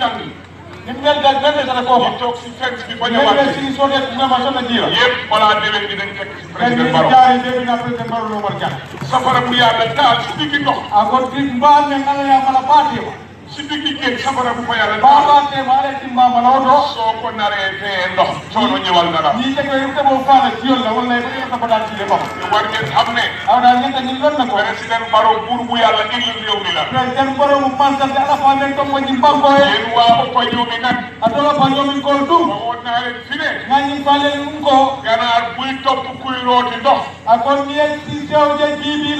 jungle. nit mel daal benn dana koo si fence bi bañ a wàcc. mais si soo dee vraiment sonn ji la. bi dañ fekk si président Barrow. mais nit ñi jaaree président Barrow loo war a jàpp. safara bu yàlla taal bi ah, mbaa mi nga ne yaa a si digg géej safara bu ko yàlla. baabaatee baale dimba maloo do. soo ko naree fee ndox. coono ñëwal na la. ñii teg yooyu demoo faana ci yoon la wala yéen a ko daal ci li bokk. war ngeen xam ne. aw daal ñett ñi na ko. président Barrow buur bu yàlla déglu réew mi la. président Barrow mu pantal te ala faa leen ñi mbango ye. yéen waa ko ñoo mi nag. a dola fi ne. nga ñu fa leen mu ko. ganaar buy topp kuy rooti ndox. a ah, kon ni yéen si sew je ji bi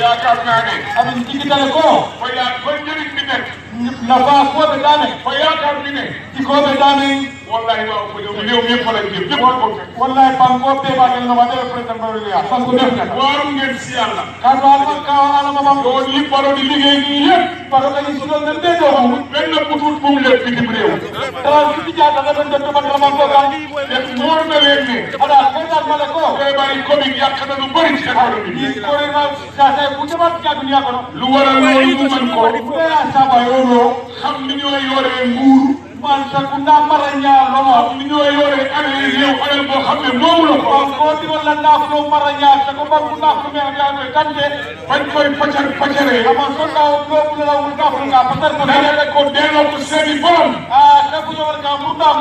yaakaar naa ne. amin jigitale ko. ko ya ko njëriñ bi nekk. nafa ko be dane. ko yaakaar ne. jiko be dane. wallahi wa ko yow réew mi yëpp la jëm ñëpp ko fekk. wallahi pan ko be ba ngel no ba def président ba si yàlla. ka do ala ka ala di liggéey nii wóor na leen ne. ala xeetal ma ne ko. vraiment yi comme yi yàq na lu bëri ci école bi. lii ko réew saa bu jamono jàpp ni yaakaar. lu waral loolu mu mën ko. bu dee asaba yoroo. xam ni ñoo yoree nguur. man sax ndax mara ñaar lool. xam ni ñoo yoree année réew alal boo xam ne moomu la ko. waaw boo digoon la ndax loo mara ñaar te ko mbar bu ndax lu mel yaa koy tànte. bañ koy pàccal pàccalee. xam nga soo daaw loo la wul ndax lu nga pàccal. dana ko delloo ko seen i borom. ah te bu ñu war a gaaw mu ndax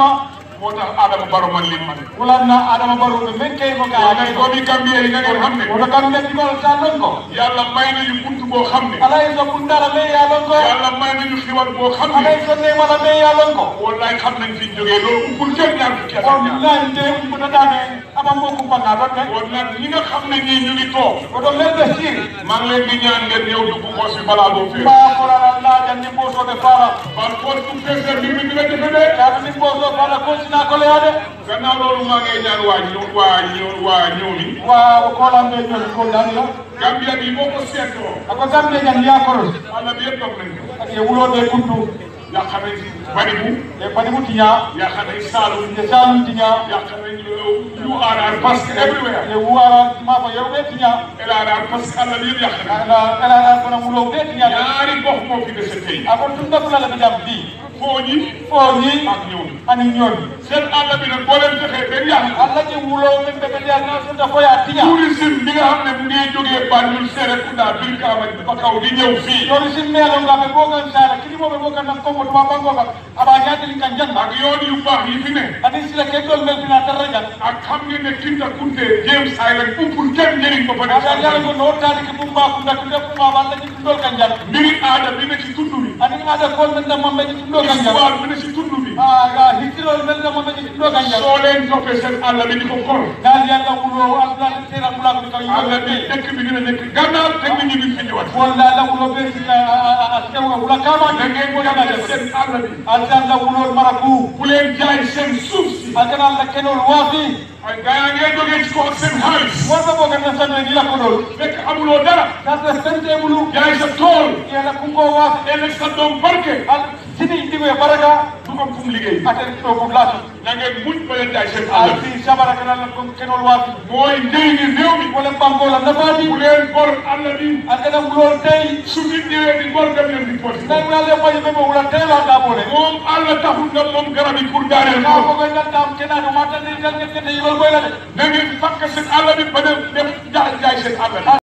maa moo tax Adama Barrow man li man wala na Adama Barrow ɓe men kay mo ga ay ko mi kambiye yi ngeen xam ne wala kam ne ko ta non ko yàlla may nañu buntu boo xam ne ala yi ko ndara me ya lon ko yàlla may nañu xiwal boo xam ne ala yi ko ne mala me ya lon ko wallahi xam nañ fi jógee loolu pour kenn ñaar fukki at wallahi te bu da daane ama mbokku Panga ba tey. kon nag ñi nga xam ne ñii ñu ngi toog. o ɗo a siri. maa ngi leen di ñaan a ñëw dugg ko si balaa doo fee. maa korala laaja ni mboosoɓe faala. ban kon du fexe mbir mi dina defe de. a ni mbooso faala continua ko leyaade. gannaaw loolu maa ngi ñaan waa ñëw waa ñëw waa a mi. waaw koolambe ñoom ko daan la. Gambia bi boo ko seetloo. ako Gambia ñan yaakoro. Allah bi yëpp toog nañ ko. ye wuloo bee kuntu. yaqaɓe baɗimu e baɗimu tiña yaqaɓe salum e salum tiña yaqaɓe yu arar par ce que everywhere e wu arar ma ko yewɓe tiña elarar par ce que allah wiyen yaqaɓe elarar kono wulow ɓe tiña yaari gof mo fide so tawi a kon tum dakulala ɓe jam mbi foo ñi foo ñi ak ñooñu ani ñooñu seen àll bi nag boo leen fexee benn yàq alla ke wuloo men ɓe ɓen yàgg naa sun dafa yaa tiña tourisme bi nga xam ne bu ngeen jógee Banjul Serekunda bir kaama ba kaw di ñëw fii tourisme meelo nga me boo gan saala kilimo ɓe boo gan nan kongo tuma bango ga aba ñaatali kan jan ak yoon yu baax fi ne ani sila ke dool mel bi naa dara jan ak xam ngeen ne Kinta Kunte James Island bu pour kenn njëriñ ba fa ne yàlla ki bu mbaa ku ndax naatagol men ɗam mamɓe ɗiɗɗo kan jawar mene si tundu mi aga hikkirol men ɗam mamɓe ɗiɗɗo kan jaw solen jope sen allah mini ko kor naali allah wuuro abdulaɗe tera mulakoɗe kam allah mi dekk mi gina dekk gannal tekmi ñimi fini wat walla allah wuuro ɓe sika a tewa wula kama dege goɗaɗae sen allah mi alda allah wuurol mara ku kulen jaye sen suuf bakanal la kenul woosi. ay gars yi ngay jógee ci kaw ak seen xaalis. war na bokk ak sa sanwe di la ko doon. fekk amuloo dara. daa sa sante bulu. tool. yàlla ku ko waas. ëllëg sa doom barke. al sini ndigoy baraka. ko fu mu liggéey. affaire bi toogu laaj. na ngeen muñ ba leen di ay seen àll. si sabara kanaan la kon kenol waati. mooy njëriñu réew mi. wala banko la nafaati. bu leen bor àll bi. ak anam loolu tey. su nit ñëwee di bor dem leen di bor. ndax ñu naan les foyers même wala tey laa daa boole. moom àll taxul nga moom garab yi pour daaneel ko. waaw kooku ay daan daam kenn aadama tànn yi daal ngeen gën a yëgal koy la de. na ngeen fàkk seen àll bi ba dem dem jaay jaay seen àll.